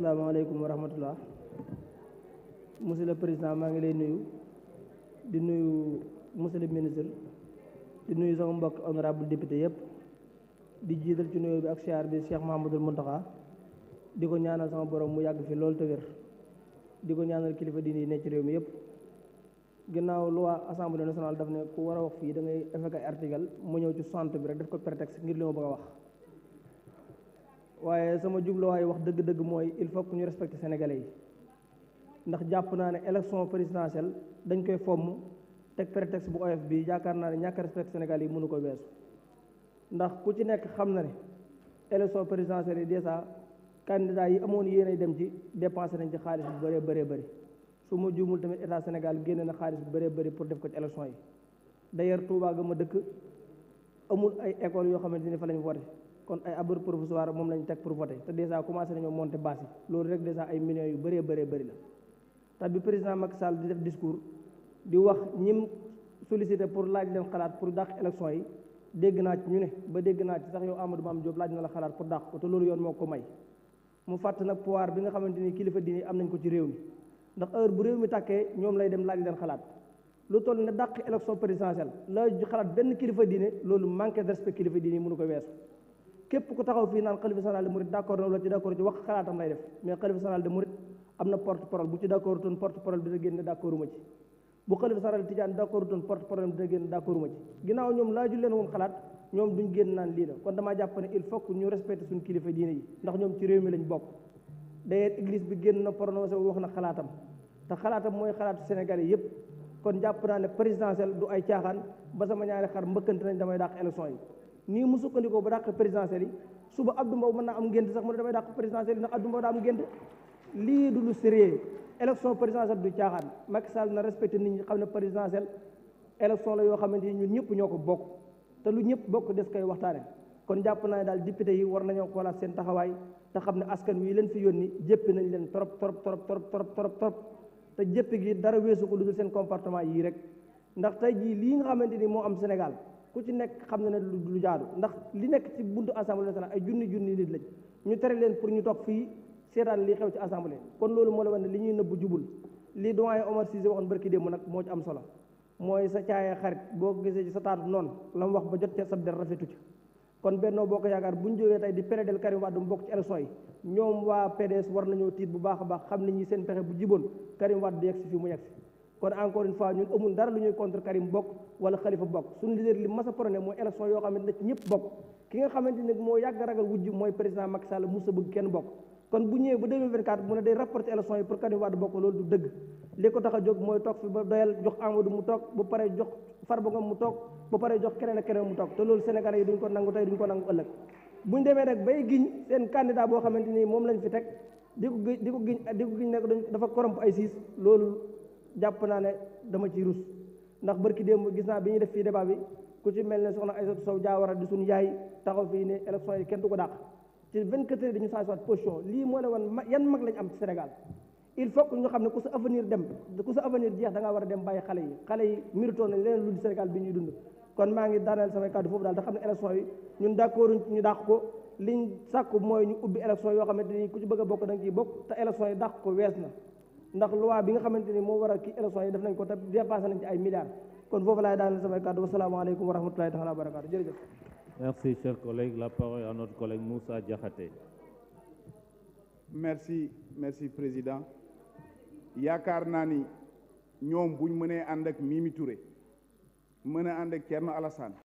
asalaamaaleykum wa rahmatullah monsieur le président maa ngi lay nuyu di nuyu monsieur le ministre di nuyu sama mbokk honorable député yëpp di jiital ci nuyu bi ak siyaar bi Cheikh Mahamadul Muntaxa di ko ñaanal sama borom mu yàgg fi loolu te di ko ñaanal kilifa diine yi nekk ci réew mi yëpp ginnaaw loi assemblée nationale daf ne ku war a wax fii da ngay fekk ay article mu ñëw ci centre bi rek def ko prétexte ngir li ma bëgg a wax waaye sama jubluwaay wax dëgg-dëgg mooy il faut que ñu respecter sénégalais yi ndax jàpp naa ne élection présidentielle dañ koy fomm teg prétexte bu oyof bi yaakaar naa ne ñàkk respecter sénégalais yi mënu ko weesu ndax ku ci nekk xam na ne élection présidentielle yi déjà candidat yi amoon yéenay dem ci dépensé nañ ci xaalis bu bëree baree bari su ma juumul tamit état Sénégal génne na xaalis bu bëree bari pour def ko ci élection yi d'ailleurs Touba ga ma dëkk amul ay école yoo xamante ni fa lañ wote kon ay abri provisoire moom lañ teg pour voter te déjà commencé nañoo monter base yi loolu rek déjà ay millions yu bëree bëree bëri la te bi président Macky Sall di def discours di wax ñim sollicité pour laaj leen xalaat pour dàq élection yi dégg naa ci ñu ne ba dégg naa ci sax yow Amadou Mame Diop laaj na la xalaat pour dàq ko loolu yoon moo ko may mu fàtt nag pouvoir bi nga xamante ni kilifa diine am nañ ko ci réew mi ndax heure bu réew mi tàkkee ñoom lay dem laaj leen xalaat lu toll ne dàq élection présidentielle la xalaat benn kilifa diine loolu manqué de respect kilifa diine mënu ko weesu képp ku taxaw fii naan xalifa général de Mouride d' accord na wala ci d' accord ci wax xalaatam lay def mais xalifa général de am na porte parole bu ci d' accord toon porte parole dina génn d' accorduma ci bu xalifa général d' accord toon porte ginnaaw ñoom laaju leen woon xalaat ñoom duñ génn naan lii la kon damaa jàpp il faut que ñu respecté suñu kilifa diine yi ndax ñoom ci réew mi lañ bokk d'ailleurs église bi génn na prononcé wax na xalaatam te xalaatam mooy xalaatu Sénégalais yépp kon jàpp naa ne présidentielle ay caaxaan ba sama ñaari xar mbëkkante nañ damay dàq élection yi nii mu sukkandikoo ba dàq présidentielle yi suba Abdou Mbow mën naa am ngént sax mu ne damay dàq présidentielle yi ndax Abdou Mbow daa am ngént lii du lu sérieux élection présidentielle du caaxaan Macky Sall na respecté nit ñi xam ne élection la yoo xamante ni ñun ñëpp ñoo ko bokk te lu ñëpp bokk des koy waxtaane kon jàpp naa ne daal député yi war nañoo xoolaat seen taxawaay te xam ne askan wi leen fi ni jëpp nañ leen trop trop trop trop trop trop trop te jéppi gi dara weesu ko lu seen comportement yii rek ndax tey jii lii nga xamante ni moo am Sénégal ku ci nekk xam na ne lu jaadu ndax li nekk ci buntu assemblée nationale ay junni junni nit lañ ñu tere leen pour ñu toog fii seetaan lii xew ci assemblée kon loolu moo la wane ne li ñuy nëbb jubul li doyen Omar Cissé waxoon barki démb nag moo ci am solo mooy sa caaya xarit boo ko gisee ci sa taatu noon la mu wax ba jot ca sa der rafetu ci kon bennoo boo ko yaakaar bu ñu jógee tey di pérédel Karim Wade mu bokk ci élection yi ñoom waa PDS war nañoo tiit bu baax a baax xam ne ñi seen pexe bu jiboon Karim Wade yegg si fii mu kon encore une fois ñun amul dara lu ñuy contre Karim bokk wala Khalifa bokk suñu leader li mas a prôné mooy élection yoo xamante ne ci ñëpp bokk ki nga xamante ne moo yàgg ragal wujj mooy président Macky Sall ni moom lañ fi teg di ko giñ di ko giñ di dafa corrompe ay siis loolu jàpp naa ne dama ciy rus ndax barki démb gis naa bi ñuy def fii débat bi ku ci mel ne soxna Aïssatou Sow Diawara di suñu yaay taxaw fii ne élection yi kenn du ko dàq ci 24 heures dañu changé position lii moo ne woon yan mag lañ am ci Sénégal il faut que ñu xam ne ku sa avenir dem ku sa avenir jeex da ngaa war a dem bàyyi xale yi xale yi méritoon nañ leneen lu di Sénégal bi ñuy dund kon maa ngi daaneel samay kàddu foofu daal te xam ne élection yi ñun d'accord ñu dàq ko liñ sàkku mooy ñu ubbi élection yoo xamante ni ku ci bëgg a bokk da nga ciy bokk te élection ko wees na ndax loi bi nga xamante ni moo war a kii élection yi def nañ ko te dépassé nañ ci ay milliards kon foofu laay daaneel samay kàddu wasalaamaaleykum wa rahmatulahi taala wa barakaatu jërëjëf merci cher collègue la parole à notre collègue Moussa Diakhaté merci merci président yaakaar naa ni ñoom buñ mënee ànd ak Mimi Touré mën a ànd ak Thierno Alassane